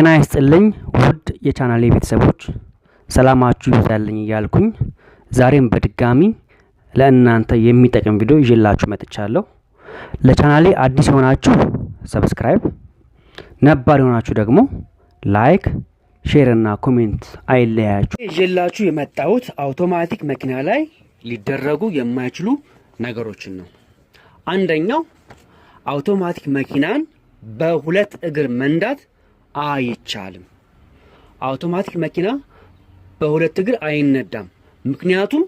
ጤና ይስጥልኝ ውድ የቻናሌ ቤተሰቦች ሰላማችሁ ይብዛልኝ እያልኩኝ ዛሬም በድጋሚ ለእናንተ የሚጠቅም ቪዲዮ ይዤላችሁ መጥቻለሁ። ለቻናሌ አዲስ የሆናችሁ ሰብስክራይብ፣ ነባር የሆናችሁ ደግሞ ላይክ፣ ሼር እና ኮሜንት አይለያችሁ። ይዤላችሁ የመጣሁት አውቶማቲክ መኪና ላይ ሊደረጉ የማይችሉ ነገሮችን ነው። አንደኛው አውቶማቲክ መኪናን በሁለት እግር መንዳት አይቻልም። አውቶማቲክ መኪና በሁለት እግር አይነዳም። ምክንያቱም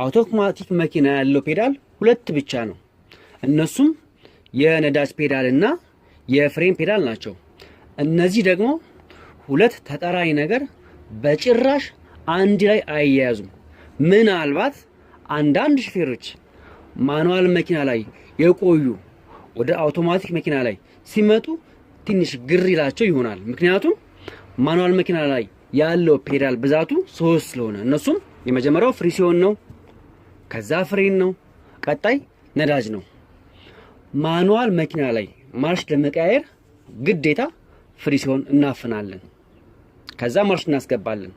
አውቶማቲክ መኪና ያለው ፔዳል ሁለት ብቻ ነው። እነሱም የነዳጅ ፔዳል እና የፍሬም ፔዳል ናቸው። እነዚህ ደግሞ ሁለት ተጠራኝ ነገር በጭራሽ አንድ ላይ አያያዙም ምናልባት አንዳንድ ሹፌሮች ማኑዋል መኪና ላይ የቆዩ ወደ አውቶማቲክ መኪና ላይ ሲመጡ ትንሽ ግር ይላቸው ይሆናል። ምክንያቱም ማኑዋል መኪና ላይ ያለው ፔዳል ብዛቱ ሶስት ስለሆነ እነሱም የመጀመሪያው ፍሪ ሲሆን ነው፣ ከዛ ፍሬን ነው፣ ቀጣይ ነዳጅ ነው። ማኑዋል መኪና ላይ ማርሽ ለመቀያየር ግዴታ ፍሪ ሲሆን እናፍናለን፣ ከዛ ማርሽ እናስገባለን።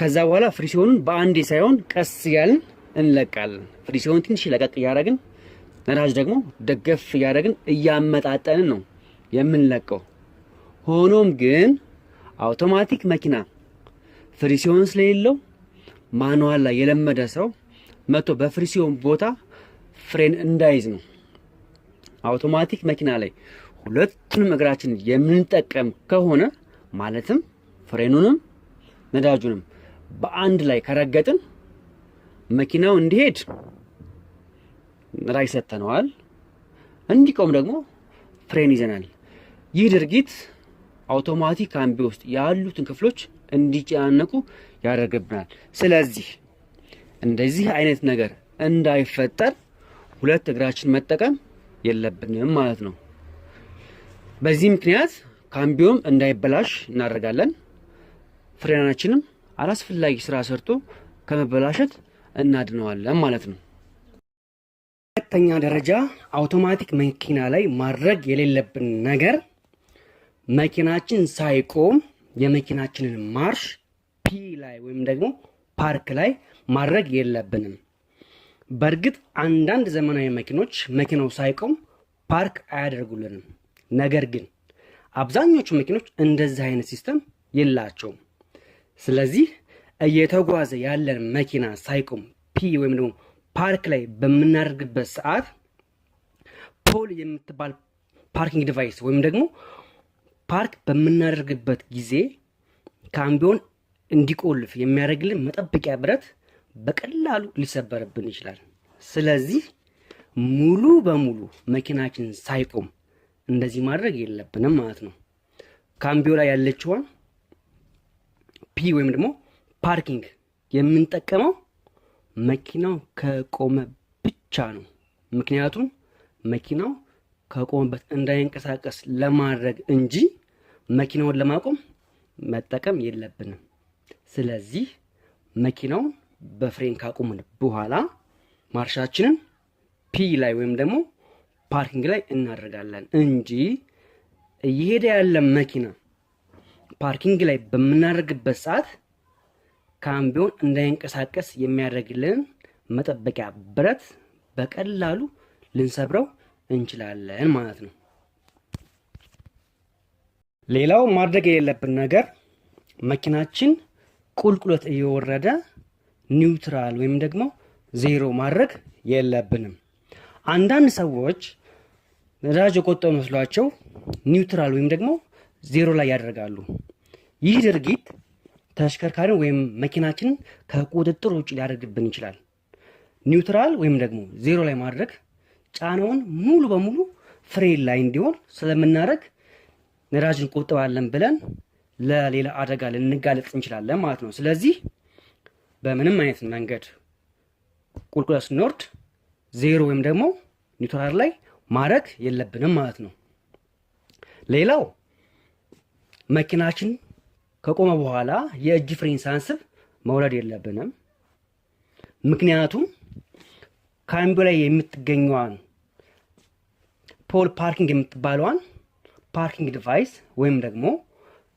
ከዛ በኋላ ፍሪ ሲሆኑን በአንዴ ሳይሆን ቀስ እያልን እንለቃለን። ፍሪ ሲሆን ትንሽ ለቀቅ እያደረግን ነዳጅ ደግሞ ደገፍ እያደረግን እያመጣጠንን ነው የምንለቀው። ሆኖም ግን አውቶማቲክ መኪና ፍሪሲዮን ስለሌለው ማኑዋል ላይ የለመደ ሰው መቶ በፍሪሲዮን ቦታ ፍሬን እንዳይዝ ነው። አውቶማቲክ መኪና ላይ ሁለቱንም እግራችን የምንጠቀም ከሆነ ማለትም ፍሬኑንም ነዳጁንም በአንድ ላይ ከረገጥን መኪናው እንዲሄድ ራይ ሰጥተነዋል፣ እንዲቆም ደግሞ ፍሬን ይዘናል። ይህ ድርጊት አውቶማቲክ ካምቢ ውስጥ ያሉትን ክፍሎች እንዲጨናነቁ ያደርግብናል። ስለዚህ እንደዚህ አይነት ነገር እንዳይፈጠር ሁለት እግራችን መጠቀም የለብንም ማለት ነው። በዚህ ምክንያት ካምቢዮም እንዳይበላሽ እናደርጋለን። ፍሬናችንም አላስፈላጊ ስራ ሰርቶ ከመበላሸት እናድነዋለን ማለት ነው። ሁለተኛ ደረጃ አውቶማቲክ መኪና ላይ ማድረግ የሌለብን ነገር መኪናችን ሳይቆም የመኪናችንን ማርሽ ፒ ላይ ወይም ደግሞ ፓርክ ላይ ማድረግ የለብንም። በእርግጥ አንዳንድ ዘመናዊ መኪኖች መኪናው ሳይቆም ፓርክ አያደርጉልንም። ነገር ግን አብዛኞቹ መኪኖች እንደዚህ አይነት ሲስተም የላቸውም። ስለዚህ እየተጓዘ ያለን መኪና ሳይቆም ፒ ወይም ደግሞ ፓርክ ላይ በምናደርግበት ሰዓት ፖል የምትባል ፓርኪንግ ዲቫይስ ወይም ደግሞ ፓርክ በምናደርግበት ጊዜ ካምቢዮን እንዲቆልፍ የሚያደርግልን መጠበቂያ ብረት በቀላሉ ሊሰበርብን ይችላል። ስለዚህ ሙሉ በሙሉ መኪናችን ሳይቆም እንደዚህ ማድረግ የለብንም ማለት ነው። ካምቢዮ ላይ ያለችዋን ፒ ወይም ደግሞ ፓርኪንግ የምንጠቀመው መኪናው ከቆመ ብቻ ነው። ምክንያቱም መኪናው ከቆመበት እንዳይንቀሳቀስ ለማድረግ እንጂ መኪናውን ለማቆም መጠቀም የለብንም። ስለዚህ መኪናውን በፍሬን ካቆምን በኋላ ማርሻችንን ፒ ላይ ወይም ደግሞ ፓርኪንግ ላይ እናደርጋለን እንጂ እየሄደ ያለ መኪና ፓርኪንግ ላይ በምናደርግበት ሰዓት ካምቢዮን እንዳይንቀሳቀስ የሚያደርግልን መጠበቂያ ብረት በቀላሉ ልንሰብረው እንችላለን ማለት ነው። ሌላው ማድረግ የሌለብን ነገር መኪናችን ቁልቁለት እየወረደ ኒውትራል ወይም ደግሞ ዜሮ ማድረግ የለብንም። አንዳንድ ሰዎች ነዳጅ የቆጠው መስሏቸው ኒውትራል ወይም ደግሞ ዜሮ ላይ ያደርጋሉ። ይህ ድርጊት ተሽከርካሪን ወይም መኪናችን ከቁጥጥር ውጭ ሊያደርግብን ይችላል። ኒውትራል ወይም ደግሞ ዜሮ ላይ ማድረግ ጫናውን ሙሉ በሙሉ ፍሬን ላይ እንዲሆን ስለምናደርግ ነዳጅ እንቆጥባለን ብለን ለሌላ አደጋ ልንጋለጥ እንችላለን ማለት ነው። ስለዚህ በምንም አይነት መንገድ ቁልቁለት ስንወርድ ዜሮ ወይም ደግሞ ኒውትራል ላይ ማድረግ የለብንም ማለት ነው። ሌላው መኪናችን ከቆመ በኋላ የእጅ ፍሬን ሳንስብ መውረድ የለብንም። ምክንያቱም ከአምቢ ላይ የምትገኘዋን ፖል ፓርኪንግ የምትባለዋን ፓርኪንግ ዲቫይስ ወይም ደግሞ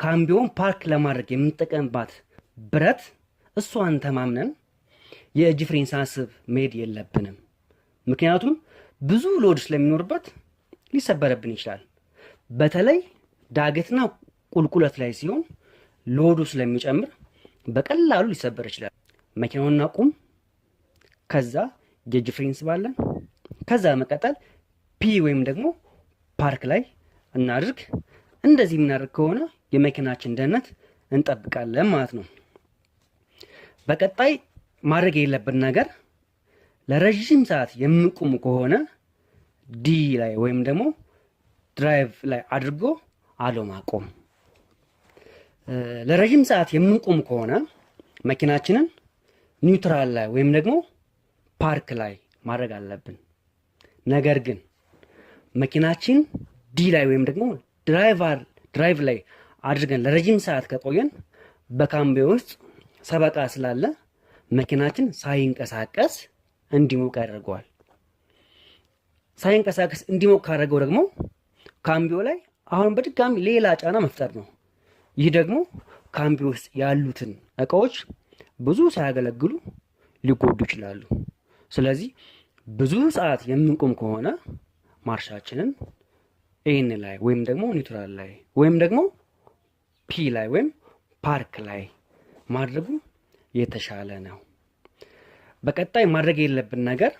ካምቢውን ፓርክ ለማድረግ የምንጠቀምባት ብረት እሷን ተማምነን የእጅ ፍሬን ሳንስብ መሄድ የለብንም። ምክንያቱም ብዙ ሎድ ስለሚኖርበት ሊሰበረብን ይችላል። በተለይ ዳገትና ቁልቁለት ላይ ሲሆን ሎዱ ስለሚጨምር በቀላሉ ሊሰበር ይችላል። መኪናውን አቁም፣ ከዛ ጌጅ ፍሬንስ ባለን፣ ከዛ መቀጠል ፒ ወይም ደግሞ ፓርክ ላይ እናድርግ። እንደዚህ የምናደርግ ከሆነ የመኪናችን ደህንነት እንጠብቃለን ማለት ነው። በቀጣይ ማድረግ የሌለብን ነገር ለረዥም ሰዓት የምቁም ከሆነ ዲ ላይ ወይም ደግሞ ድራይቭ ላይ አድርጎ አለማቆም ለረዥም ሰዓት የምንቆም ከሆነ መኪናችንን ኒውትራል ላይ ወይም ደግሞ ፓርክ ላይ ማድረግ አለብን። ነገር ግን መኪናችን ዲ ላይ ወይም ደግሞ ድራይቨር ድራይቭ ላይ አድርገን ለረጅም ሰዓት ከቆየን በካምቤ ውስጥ ሰበቃ ስላለ መኪናችን ሳይንቀሳቀስ እንዲሞቅ ያደርገዋል። ሳይንቀሳቀስ እንዲሞቅ ካደረገው ደግሞ ካምቢዮ ላይ አሁን በድጋሚ ሌላ ጫና መፍጠር ነው። ይህ ደግሞ ካምቢ ውስጥ ያሉትን እቃዎች ብዙ ሳያገለግሉ ሊጎዱ ይችላሉ። ስለዚህ ብዙ ሰዓት የምንቆም ከሆነ ማርሻችንን ኤን ላይ ወይም ደግሞ ኒውትራል ላይ ወይም ደግሞ ፒ ላይ ወይም ፓርክ ላይ ማድረጉ የተሻለ ነው። በቀጣይ ማድረግ የለብን ነገር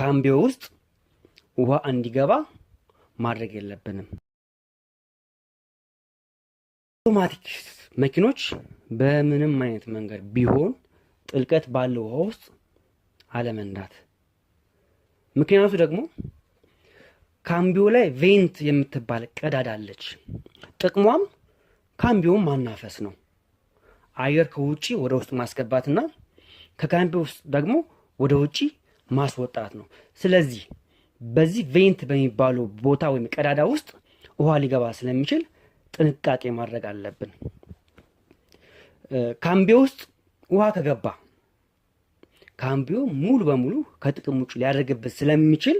ካምቢዮ ውስጥ ውሃ እንዲገባ ማድረግ የለብንም። አውቶማቲክ መኪኖች በምንም አይነት መንገድ ቢሆን ጥልቀት ባለው ውሃ ውስጥ አለመንዳት። ምክንያቱ ደግሞ ካምቢዮ ላይ ቬንት የምትባል ቀዳዳ አለች። ጥቅሟም ካምቢዮን ማናፈስ ነው። አየር ከውጪ ወደ ውስጥ ማስገባትና ከካምቢዮ ውስጥ ደግሞ ወደ ውጪ ማስወጣት ነው። ስለዚህ በዚህ ቬንት በሚባለው ቦታ ወይም ቀዳዳ ውስጥ ውሃ ሊገባ ስለሚችል ጥንቃቄ ማድረግ አለብን። ካምቢዮ ውስጥ ውሃ ከገባ ካምቢዮ ሙሉ በሙሉ ከጥቅም ውጭ ሊያደርግብን ስለሚችል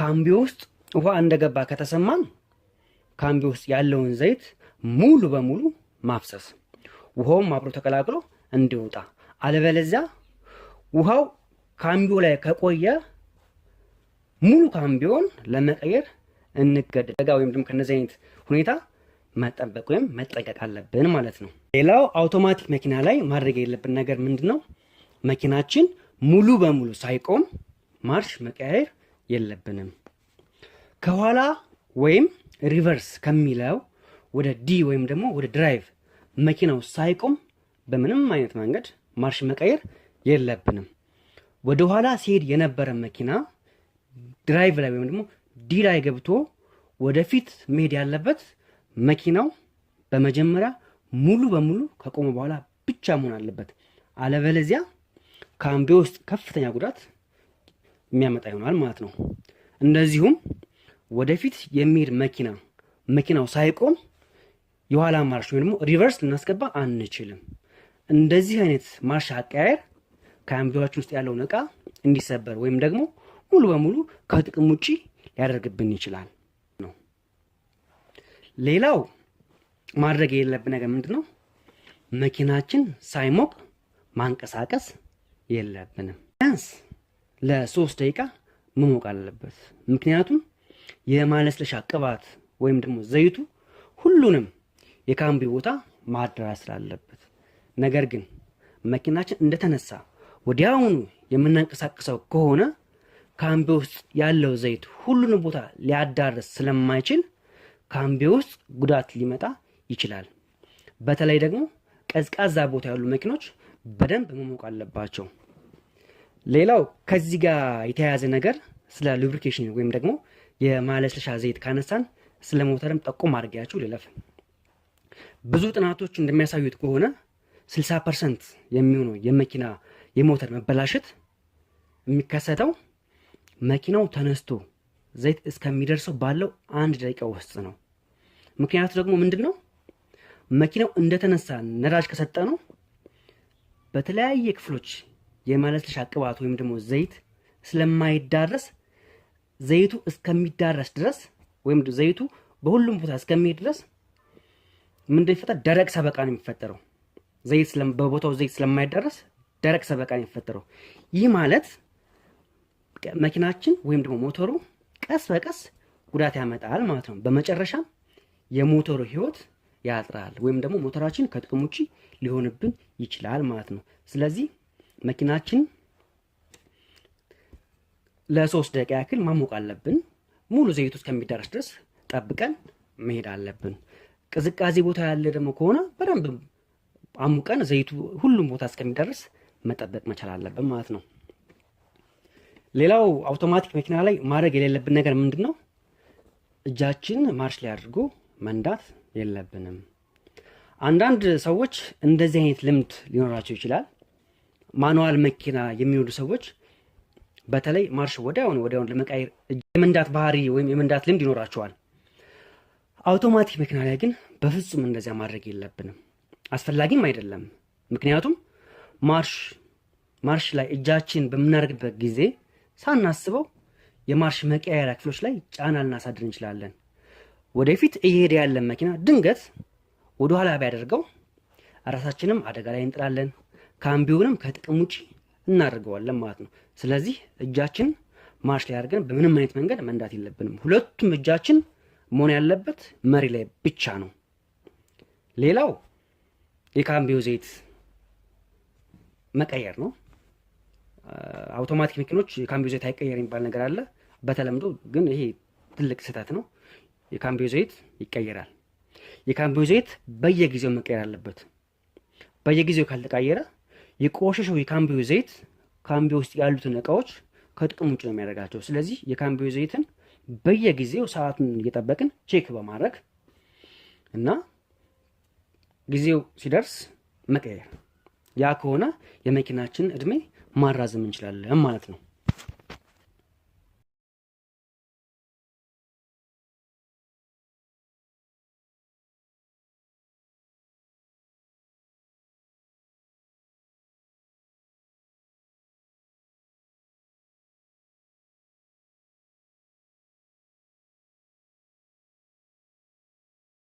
ካምቢዮ ውስጥ ውሃ እንደገባ ከተሰማን ካምቢዮ ውስጥ ያለውን ዘይት ሙሉ በሙሉ ማፍሰስ፣ ውሃውም አብሮ ተቀላቅሎ እንዲወጣ። አለበለዚያ ውሃው ካምቢዮ ላይ ከቆየ ሙሉ ካምቢዮን ለመቀየር እንገደጋ ወይም ደግሞ ከነዚህ አይነት ሁኔታ መጠበቅ ወይም መጠንቀቅ አለብን ማለት ነው። ሌላው አውቶማቲክ መኪና ላይ ማድረግ የለብን ነገር ምንድን ነው? መኪናችን ሙሉ በሙሉ ሳይቆም ማርሽ መቀያየር የለብንም። ከኋላ ወይም ሪቨርስ ከሚለው ወደ ዲ ወይም ደግሞ ወደ ድራይቭ መኪናው ሳይቆም በምንም አይነት መንገድ ማርሽ መቀየር የለብንም። ወደ ኋላ ሲሄድ የነበረ መኪና ድራይቭ ላይ ወይም ደግሞ ዲ ላይ ገብቶ ወደፊት መሄድ ያለበት መኪናው በመጀመሪያ ሙሉ በሙሉ ከቆመ በኋላ ብቻ መሆን አለበት። አለበለዚያ ከአምቤ ውስጥ ከፍተኛ ጉዳት የሚያመጣ ይሆናል ማለት ነው። እንደዚሁም ወደፊት የሚሄድ መኪና መኪናው ሳይቆም የኋላ ማርሽ ወይም ደግሞ ሪቨርስ ልናስገባ አንችልም። እንደዚህ አይነት ማርሽ አቀያየር ከአምቢዎችን ውስጥ ያለውን እቃ እንዲሰበር ወይም ደግሞ ሙሉ በሙሉ ከጥቅም ውጪ ሊያደርግብን ይችላል። ሌላው ማድረግ የለብን ነገር ምንድን ነው? መኪናችን ሳይሞቅ ማንቀሳቀስ የለብንም። ቢያንስ ለሶስት ደቂቃ መሞቅ አለበት። ምክንያቱም የማለስለሻ ቅባት ወይም ደግሞ ዘይቱ ሁሉንም የካምቢ ቦታ ማድረስ ስላለበት፣ ነገር ግን መኪናችን እንደተነሳ ወዲያውኑ የምናንቀሳቀሰው ከሆነ ካምቢ ውስጥ ያለው ዘይት ሁሉንም ቦታ ሊያዳርስ ስለማይችል ካምቢ ውስጥ ጉዳት ሊመጣ ይችላል። በተለይ ደግሞ ቀዝቃዛ ቦታ ያሉ መኪኖች በደንብ መሞቅ አለባቸው። ሌላው ከዚህ ጋር የተያያዘ ነገር ስለ ሉብሪኬሽን ወይም ደግሞ የማለስለሻ ዘይት ካነሳን ስለ ሞተርም ጠቁም አድርጊያችሁ ልለፍ። ብዙ ጥናቶች እንደሚያሳዩት ከሆነ 60 ፐርሰንት የሚሆነው የመኪና የሞተር መበላሸት የሚከሰተው መኪናው ተነስቶ ዘይት እስከሚደርሰው ባለው አንድ ደቂቃ ውስጥ ነው። ምክንያቱ ደግሞ ምንድን ነው? መኪናው እንደተነሳ ነዳጅ ከሰጠ ነው በተለያየ ክፍሎች የማለስለሻ ቅባት ወይም ደግሞ ዘይት ስለማይዳረስ ዘይቱ እስከሚዳረስ ድረስ ወይም ዘይቱ በሁሉም ቦታ እስከሚሄድ ድረስ ምንድን የሚፈጠር ደረቅ ሰበቃ ነው የሚፈጠረው። ዘይት በቦታው ዘይት ስለማይዳረስ ደረቅ ሰበቃ ነው የሚፈጠረው። ይህ ማለት መኪናችን ወይም ደግሞ ሞተሩ ቀስ በቀስ ጉዳት ያመጣል ማለት ነው። በመጨረሻም የሞተሩ ህይወት ያጥራል ወይም ደግሞ ሞተራችን ከጥቅም ውጪ ሊሆንብን ይችላል ማለት ነው። ስለዚህ መኪናችን ለሶስት ደቂቃ ያክል ማሞቅ አለብን። ሙሉ ዘይቱ እስከሚደርስ ድረስ ጠብቀን መሄድ አለብን። ቅዝቃዜ ቦታ ያለ ደግሞ ከሆነ በደንብ አሙቀን ዘይቱ ሁሉም ቦታ እስከሚደርስ መጠበቅ መቻል አለብን ማለት ነው። ሌላው አውቶማቲክ መኪና ላይ ማድረግ የሌለብን ነገር ምንድን ነው? እጃችን ማርሽ ላይ አድርጎ መንዳት የለብንም። አንዳንድ ሰዎች እንደዚህ አይነት ልምድ ሊኖራቸው ይችላል። ማኑዋል መኪና የሚወዱ ሰዎች በተለይ ማርሽ ወዲያውኑ ወዲያውኑ ለመቃየር የመንዳት ባህሪ ወይም የመንዳት ልምድ ይኖራቸዋል። አውቶማቲክ መኪና ላይ ግን በፍጹም እንደዚያ ማድረግ የለብንም፣ አስፈላጊም አይደለም። ምክንያቱም ማርሽ ማርሽ ላይ እጃችን በምናደርግበት ጊዜ ሳናስበው የማርሽ መቀያየሪያ ክፍሎች ላይ ጫና ልናሳድር እንችላለን። ወደፊት እየሄደ ያለን መኪና ድንገት ወደ ኋላ ቢያደርገው ራሳችንም አደጋ ላይ እንጥላለን፣ ካምቢውንም ከጥቅም ውጪ እናደርገዋለን ማለት ነው። ስለዚህ እጃችን ማርሽ ላይ አድርገን በምንም አይነት መንገድ መንዳት የለብንም። ሁለቱም እጃችን መሆን ያለበት መሪ ላይ ብቻ ነው። ሌላው የካምቢው ዘይት መቀየር ነው። አውቶማቲክ መኪኖች የካምቢዮ ዘይት አይቀየር የሚባል ነገር አለ። በተለምዶ ግን ይሄ ትልቅ ስህተት ነው። የካምቢዮ ዘይት ይቀየራል። የካምቢዮ ዘይት በየጊዜው መቀየር አለበት። በየጊዜው ካልተቃየረ የቆሸሸው የካምቢዮ ዘይት ካምቢዮ ውስጥ ያሉትን እቃዎች ከጥቅም ውጭ ነው የሚያደርጋቸው። ስለዚህ የካምቢዮ ዘይትን በየጊዜው ሰዓቱን እየጠበቅን ቼክ በማድረግ እና ጊዜው ሲደርስ መቀየር ያ ከሆነ የመኪናችን እድሜ ማራዘም እንችላለን ማለት ነው።